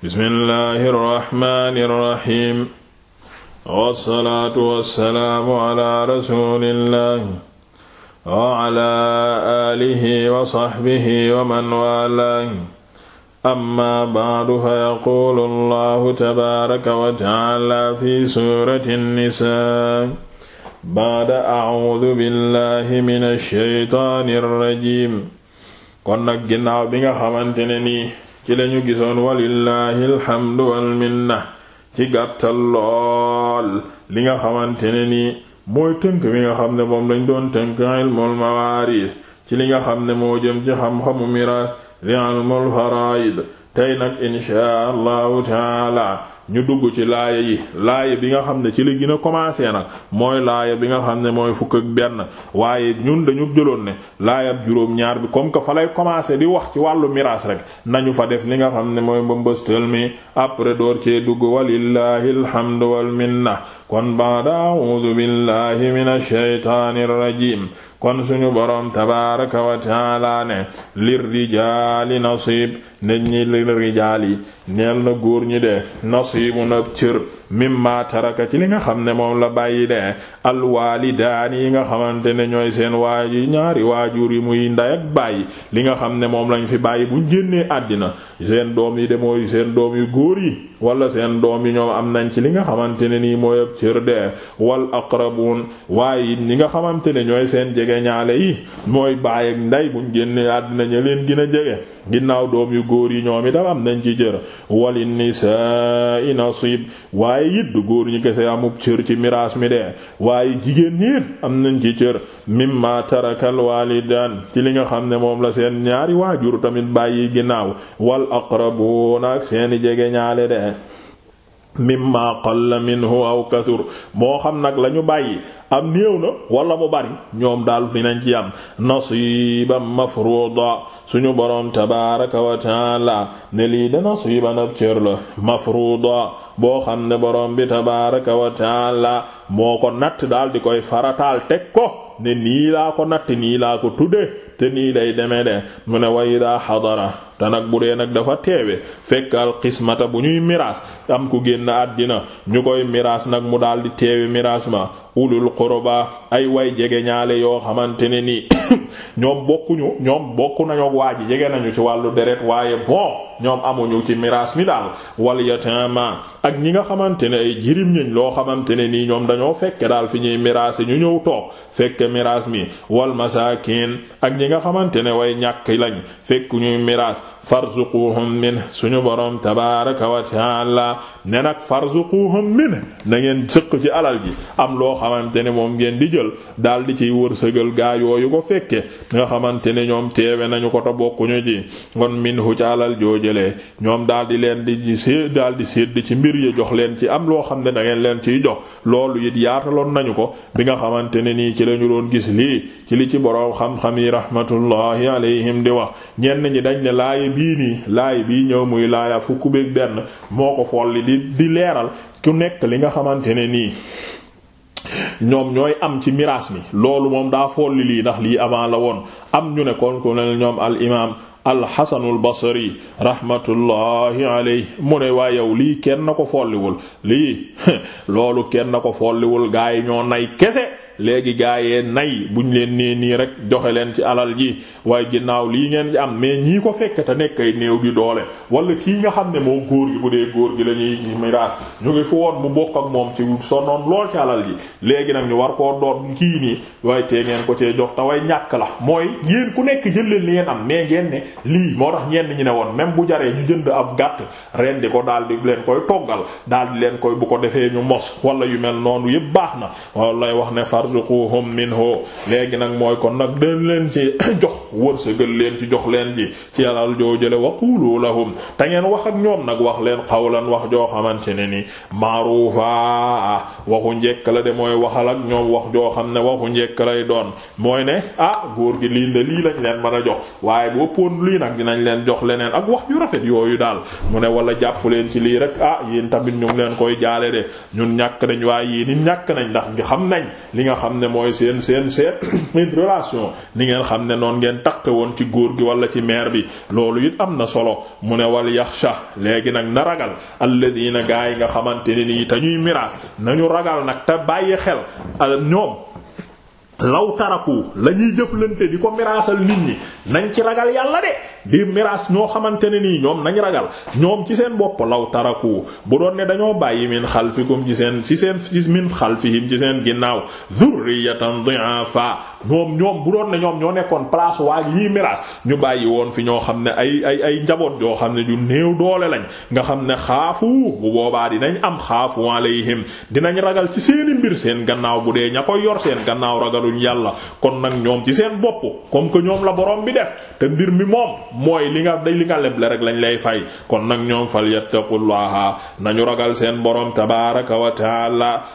bismillahi rrahmani rrahim wassalaatu wassalaamu ala rasulillahi wa ala alihi wa saxbihi wa man waalaahi amma ba'du fa yaquulu allahu tabaaraka wa ta'aala fi suurati nnisaa ba'da a'uudu billahi mina shaytaani rrajiim kon nag ginnaaw bi nga xamante ne nii ci lañu gisoon walillahi alhamdu wal minna ci gàttal lool li nga xamante ne nii mooy tënk bi nga xam ne moom lañ doon tënk ilmul mawaaris ci li nga xam ne moo jëm ci xam-xamu miraas li ilmul faraid tey nag inshaa allahu taala ñu dugg ci laaya yi laaya bi nga xam ne ci li gën a commencé nag mooy laaya bi nga xam ne mooy fukk ak benn waaye ñun dañu jëloon ne laayab juróom-ñaar bi comme que fa lay commencé di wax ci wàllu miraas rek nañu fa def li nga xam ne mooy mbambastal mi après door cee dugg walillahi alhamdu wal minna kon baada a'udhu billahi minash shaytaanir kon suñu boroom tabaaraka wa taala ne lir rijaali nasiib ne ñi lir rijaali ñeel na góor ñi de nasiibu nag cër mimma taraka ci li nga xam ne moom la bàyyi de alwaalidaani yi nga xamante ne ñooy seen yi ñaari waajur yi muy nday ak bàyyi li nga xam ne moom lañ fi bàyyi buñ génnee àddina seen doom yi de mooy seen doom yu góor yi wala seen doom yi ñoom am nañ ci li nga xamante ne nii mooy ab cër de wal aqrabuun waaye it ñi nga xamante ne ñooy seen jege ñaale yi mooy baay ak nday buñ génnee àddina ña leen a jege ginnaaw doom yu góor yi ñoom itam am nañ ci jër walin nisaa waaye it du góor ñi kese amub cër ci miraas mi de waaye jigéen ñi am nañ ci cër mimma tarakal walidan ci li nga xam ne moom la seen ñaari waajur tamit bàyyi ginnaaw wal aqrabuna ak seeni jege ñaale de mimma qalla minhu aw kasur moo xam nag lañu bàyyi am néew na wala mu bari ñoom daal dinañ ci am nasiiban mafruuda suñu boroom tabaaraka wa ne lii de nasiiban ab cër la mafruuda boo xam ne borom bi tabaaraka wa taala moo ko natt daal di koy farataal teg ko ne nii laa ko natt nii laa ko tudde te nii day demee de mu ne way daa xadara te nag bu dee nag dafa teewe fekk al bu ñuy miraas am ku génn àddina ñu koy miraas nag mu daal di teewe miraas ma ulul qurba ay waay jege ñaale yoo xamante ne nii ñoom bokkuñu ñoom bokku nañu waa ji jege nañu ci wàllu deret waaye bon ñoom amuñu ci miraas mi daal wal yatama ak ñi nga xamante ne ay jirim ñañ loo xamante ne nii ñoom dañoo fekk daal fi ñuy miraas ñu ñëw toog fekke miraas mi wal masakin yi nga xamante ne way ñàkk lañ fekk ñuy miraas farzuquhum min suñu borom tabaaraka wa ta'ala ne nag farzuquhum min na ngeen sëq ci alal ji am loo xamante ne moom ngeen di jël daal di ciy wërsëgal gaa yooyu ko fekke nga xamante ne ñoom teewe nañu ko ta bokkuñu ci min minhu ci alal joo jëlee ñoom daal di leen di sédd daal di sédd ci mbir yi jox leen ci am loo xam ne da ngeen leen ciy jox loolu it yaataloon nañu ko bi nga xamante nii ci lañu doon gis lii rahmatullahi alayhim di wax ñenn ñi dañ ne laay bii nii laay bii ñëw muy laaya fukk beeg benn moo ko folli di di leeral ku nekk li nga xamante ne nii ñoom ñooy am ci miraas mi loolu moom daa lii ndax lii avant la woon am ñu ne kon ñoom al imaam alxasanul basri rahmatullahi aley mu ne waa yow lii kenn na ko folliwul lii loolu kenn na ko folliwul gaa yi ñoo nay kese léegi gaa yee nay ñu leen nee nii rek joxe leen ci alal ji waaye ginnaaw lii ngeen ci am mais ñii ko fekk te nekk ay néew di doole wala kii nga xam ne moo góor gi bu dee góor gi la ñuy miraas ñu ngi fu woon mu bokk ak moom ci sonoon lool ci alal ji léegi nag ñu war koo doot kii nii waaye tee ngeen ko cee jox te ñàkk la mooy yéen ku nekk jël leen li ngeen am mais ngeen ne lii moo tax ñenn ñi ne woon même bu jaree ñu jënd ab gàtt ren ko daal di leen koy toggal daal di leen bu ko defee ñu mos wala yu mel noonu yëpp baax na warzuquhum minhu léegi nag mooy kon nag den leen ci jox wërsëgal leen ci jox leen ji ci ci alal joojale waqulu lahum te tangeen wax ak ñoom nag wax leen qawlan wax joo xamante ne ni maaruufa waxu njekk la de mooy waxal ak ñoom wax joo xam ne waxu njekk lay doon mooy ne ah góor gi lii de lii lañ leen mën a jox waaye bu ëppoon lii nag dinañ leen jox leneen ak wax yu rafet yooyu daal mu ne wala jàpp leen ci lii rek ah yéen tamit ñu leen koy jaale de ñun ñàkk nañ waaye yéen ñàkk nañ ndax xam nañ li nga xam ne mooy seen seen seen relation li ngeen xam ne noon ngeen taqe woon ci góor gi wala ci maire bi loolu it am na solo mu ne wal yaxsha léegi nag na ragal alladina gaa yi nga xamante ne nii te ñuy miraas nañu ragal nag te bàyyi xel ñoom law taraku la ñuy jëflante di ko miraasal nit ñi nañ ci ragal yàlla de di miraas ñoo xamante ne nii ñoom nañ ragal ñoom ci seen bopp law taraku bu doon ne dañoo bàyyi min xalfikum ci seen ci seen ci min xalfihim ci seen ginnaaw zurriyatan du'afa ñoom ñoom bu doon ne ñoom ñoo nekkoon place waa yi ñuy miraas ñu bàyyi woon fi ñoo xam ne ay ay njaboot yoo xam ne ju néew doole lañ nga xam ne xaafu bu boobaa dinañ am xaafu alayhim dinañ ragal ci seeni mbir seen gannaaw bu dee ña koy yor seen gannaaw ragal ragaluñ yàlla kon nag ñoom ci seen bopp comme que ñoom la borom bi def te mbir mi moom mooy li nga day li nga leble rek lañ lay fay kon nag ñoom fal yattaqullaha nañu ragal seen borom tabaaraka wa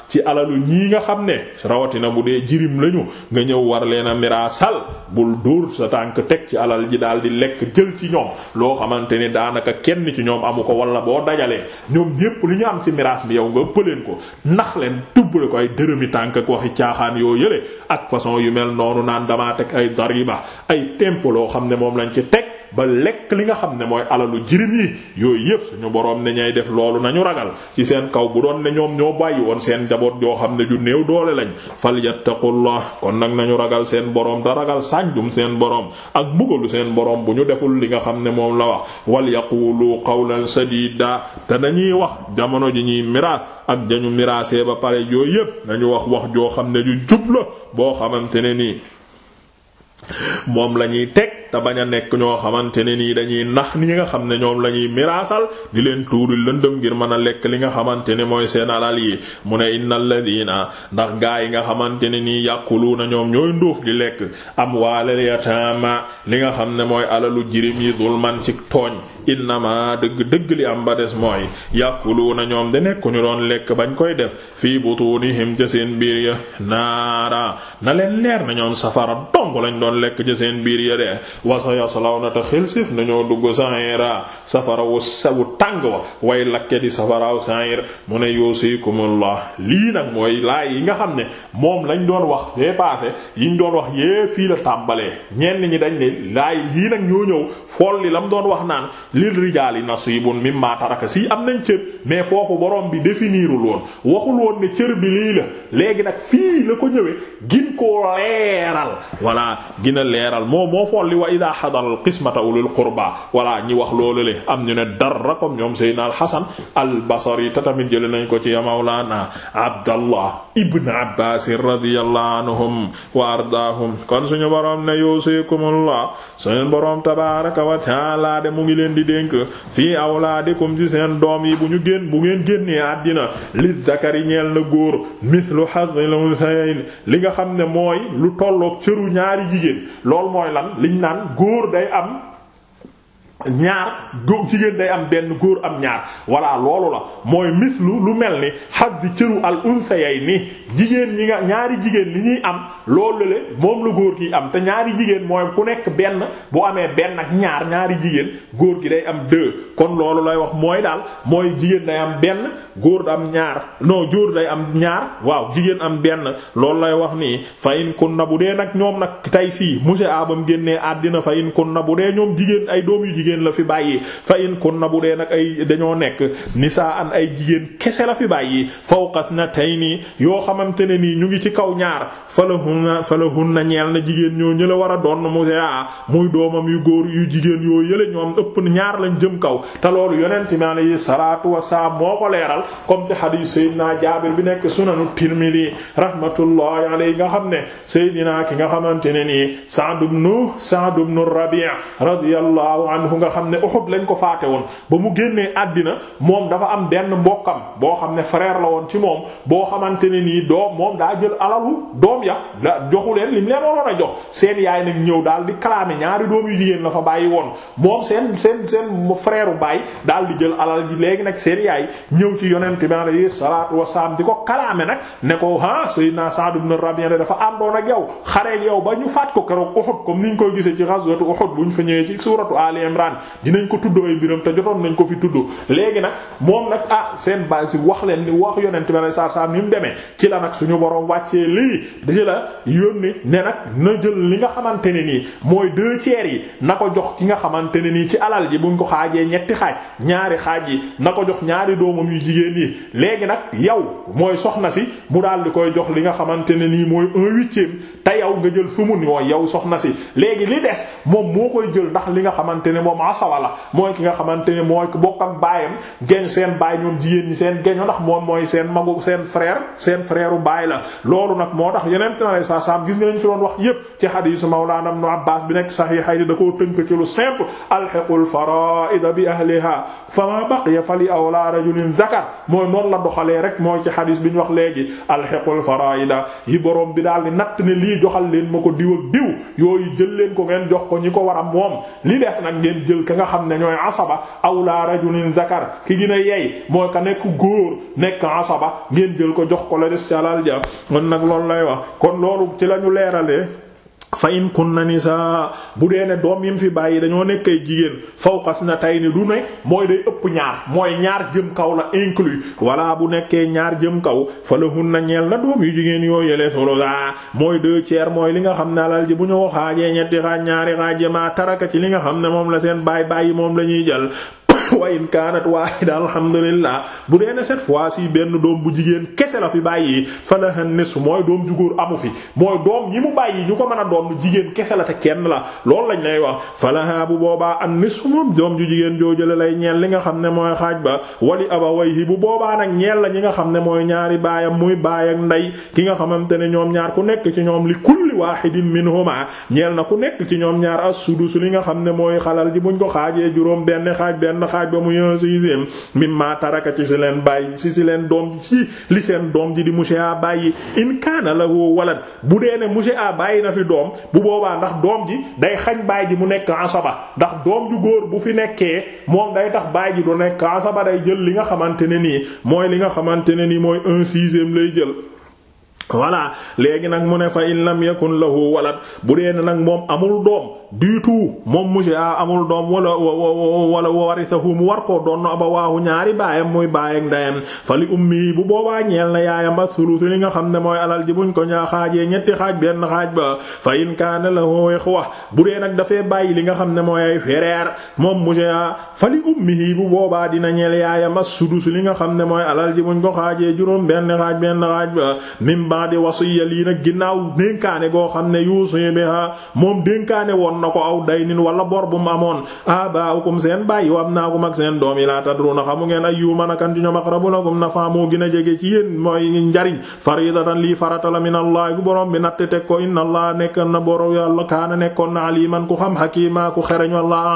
ci alalu ñii nga xam ne rawatina bu dee jirim lañu nga ñëw war leen a miraasal bul dóor sa tànk teg ci alal ji daal di lekk jël ci ñoom loo xamante ni daanaka kenn ci ñoom amu ko wala boo dajalee ñoom ñépp li ñu am ci miraas bi yow nga ëppaleen ko nax leen tubbale ak façon yu mel noonu naan damaa teg ay dariba ay tempo loo xam ne moom lañ ci teg ba lekk li nga xam ne mooy alalu jirim yi yooyu yëpp suñu boroom ne ñay def loolu nañu ragal ci seen kaw bu doon ne ñoom ñoo bàyyi woon seen jaboot yoo xam ne ju néew doole lañ falyattaqullah kon nag nañu ragal seen boroom da ragal sànjum seen boroom ak mbugalu seen boroom bu ñu deful li nga xam ne moom la wax wal yaqulu qawlan sadida te dañuy wax jamono ji ñu miraas ak dañu miraasee ba pare yooyu yépp nañu wax wax joo xam ne ju jub boo xamante ne nii moom la teg te bañ a nekk ñoo xamante ne nii dañuy nax ni nga xam ne ñoom la ñuy miraasal di leen tuuri lëndëm ngir mën a lekk li nga xamante ne mooy seen alal yi mu ne innal ladina ndax gaa yi nga xamante ne nii yàquluuna ñoom ñooy ndóof di lekk amwaalal yataama li nga xam ne mooy alalu jirim yi zulman ci tooñ innama dëgg dëgg li am ba des mooy na ñoom da nekkuñu ñu doon lekk bañ koy def fii butunihim ca seen biir ya naara na leen leer na ñoom safara dong lañ doon lekk ca seen biir ya de wasa yaslawna te xelsif nañoo dugg sa'ira safara wu sawu tàng wa way lakke di safaraaw sa'ir mu ne yusikumullah lii nag mooy laay yi nga xam ne moom lañ doon wax fee passé yiñ doon wax yee fii la tàmbalee ñenn ñi dañ ne laay yii nag ñu ñëw fool li lam doon wax naan lil rijaali nasibun mimma taraka si am nañ cër mais foofu borom bi définirul woon waxul ne cër bi lii la léegi nag fii la ko ñëwee gin koo leeral walla leeral moo moo folli wa ida xadaral qismata ulul qurba walla ñi wax loolu le am ñu ne dara comme ñoom seydna alxasan albasari te tamit jële nañ ko ci mawlaana abdallah ibn abbaas radiyallahu anhum wa ardaahum kon suñu boroom ne yuusikumullah suñu boroom tabaaraka wa taala de mu ngi leen di dénk fii awlaadikum ci seen doom yi bu ñu génn bu ngeen génnee àddina li zakari ñeel na góor mislu hazzil unsayayn li nga xam ne mooy lu tollook cëru ñaari jigéen loolu mooy lan liñ naan góor day am ñaar góor jigéen day am benn góor am ñaar walla loolu la mooy mislu lu mel ni xas cëru al unsa yay ni jigéen ñi nga ñaari jigéen li ñuy am loolu le góor gi am ñaari jigéen mooy ku nekk benn bu amee benn ak ñaar ñaari jigéen góor gi day am deux loolu lay wax mooy daal mooy jigéen day am benn góor am ñaar non jóor day am ñaar waaw jigéen am benn loolu lay wax nii fa in kun na bu dee nag ñoom nag tey sii monsieur abam génnee àddina fa in kun na bu dee ñoom jigéen ay doom yu jigéen jigéen la fi bàyyi fa in na bu dee nag ay dañoo nekk nisaan ay jigéen kese la fi bàyyi fawqas na tey nii yoo xamante ne nii ñu ngi ci kaw ñaar falahunna falahunna ñeel na jigéen ñoo ñu la war a doon mu yaa muy doomam yu góor yu jigéen yoo yële ñoom ëpp ñaar lañ jëm kaw te loolu yonent mi alayhi salaatu wasalaam moo ko leeral comme ci xadiis Seydina Jaabir bi nekk sunanu Tirmidi rahmatullahi alayhi nga xam ne Seydina ki nga xamante ne nii Sa'd ibn Sa'd ibn nga xam ne Uhud lañ ko faate woon ba mu génnee àddina moom dafa am benn mbokkam boo xam ne frère la woon ci moom boo xamante ne nii doom moom daa jël alalu doom ya la joxu leen lim leen waroon a jox seen yaay nag ñëw daal di clamer ñaari doom yu jigéen la fa bàyyi woon moom seen seen seen frère baay daal di jël alal ji léegi nag seen yaay ñëw ci yonent bi alayhi salaatu wasalaam di ko clamer nag ne ko ah Sayyidina Sa'd ibn Rabi'a dafa àndoon ak yow xare yow ba ñu faat ko keroog Uhud comme niñ koy gisee ci ghazwatu Uhud buñ fa ñëwee ci suuratu Ali Imran Qur'an dinañ ko tudd ay mbiram te jotoon nañ ko fi tudd léegi nag moom nag ah seen base wax leen ni wax yonent bi saa saa ni mu demee ci la nag suñu borom wàccee lii di la yónni ne nag na jël li nga xamante ne nii mooy deux tiers yi na ko jox ki nga xamante ne nii ci alal ji buñ ko xaajee ñetti xaaj ñaari xaaj yi na ko jox ñaari doomam yu jigéen yi léegi nag yow mooy soxna si mu daal di koy jox li nga xamante ne nii mooy un yow nga jël sumun mooy yow soxna si léegi li des moom moo koy jël ndax li nga xamante ne moom asawa la mooy ki nga xamante ne mooy ku bokk ak baayam geñ seen baay ñoom jigéen ñi seen geño ndax moom mooy seen magu seen frère seen frère u baay la loolu nag moo tax yeneen tnale sa sam gis nga lañ fi doon wax yépp ci hadiisu mawlaana ibnu abbaas bi nekk saxiixayni da koo tënk ci lu simple alhiqul faraa'id bi ahliha fama baqiya fali awla rajulin zakar mooy noonu la doxalee rek mooy ci hadiis bi ñu wax léegi alhiqul faraa'id yi borom joxal leen ma ko diw ak diw yooyu jël leen ko ngeen jox ko ñi ko war a moom li des nag ngeen jël ka nga xam ne ñooy asaba awla rajulin zakar ki gën a yey moo ka nekk góor nekk asaba ngeen jël ko jox ko la des ca alal ja kon nag loolu lay wax kon loolu ci lañu leeralee fa na kunna nisaa bu dee ne doom yi mu fi bàyyi dañoo nekk jigéen jigéen kas na tey ni du ne mooy day ëpp ñaar mooy ñaar jëm kaw la inclus wala bu nekkee ñaar jëm kaw fa la hun na ñeel na doom yu jigéen yoo yële solosa mooy deux tiers mooy li nga xam ne alal ji bu ñu ko xaajee ñetti xaaj ñaari xaaj ma taraka ci li nga xam ne moom la seen baay bàyyi moom la ñuy jël wa in kaanat waahida alhamdulillah bu dee ne cette fois ci benn doom bu jigéen kese la fi bàyyi falaha nisfu mooy doom ju góor amu fi mooy doom yi mu bàyyi ñu ko mën a jigéen kese la te kenn la loolu lañ lay wax falaha bu boobaa an nisfu moom doom ju jigéen joojale lay ñeel li nga xam ne mooy xaaj ba wali abawayhi bu boobaa nag ñeel la ñi nga xam ne mooy ñaari baayam muy baay ak ndey ki nga xamante ne ñoom ñaar ku nekk ci ñoom li kulli waahidin minhuma ne mooy xalal ji laaj ba muy un sixième mimma taraka ci si leen bàyyi si si leen doom ci li seen doom ji di monsieur bàyyi in kaana la woo walad bu dee ne monsieur bàyyi na fi doom bu boobaa ndax doom ji day xañ baay ji mu nekk asaba ndax doom ju góor bu fi nekkee moom day tax baay ji du nekk ba day jël li nga xamante ne nii mooy li nga xamante ne nii mooy un sixième lay jël voilà léegi nag mu ne fa in lam yakun lahu walad bu dee nag moom amul doom du tout moom monsieur ah amul doom wala wala warithahu mu war koo doon abawaahu ñaari baayam muy baay ak ndeyam fa li ummi bu boobaa ñeel na yaayam as-sulusu li nga xam ne mooy alal ji buñ ko ñaa xaajee ñetti xaaj benn xaaj ba fa in kaana lahu bu dee nag dafay bàyyi li nga xam ne mooy moom monsieur a fa li bu boobaa dina ñeel yaayam as-sudus li nga xam ne mooy alal ji buñ ko xaajee juróom benn xaaj benn xaaj ba ba'di wasiya lii nag ginnaaw dénkaane goo xam ne yuusu biha moom dénkaane woon na ko aw daynin wala bor bu mu amoon abaa'ukum seen bàyyi wa abnaa'ukum ak seen doom yi laa tadruuna xamu ngeen ayyuman akan ci ñoom aqrabu lakum nafa moo gën a jege ci yéen mooy njariñ faridatan lii farata la min allah bu borom bi natt teg ko inna allah nekk na boro yàlla kaana nekkoon na aliman ku xam hakima ku xereñ walla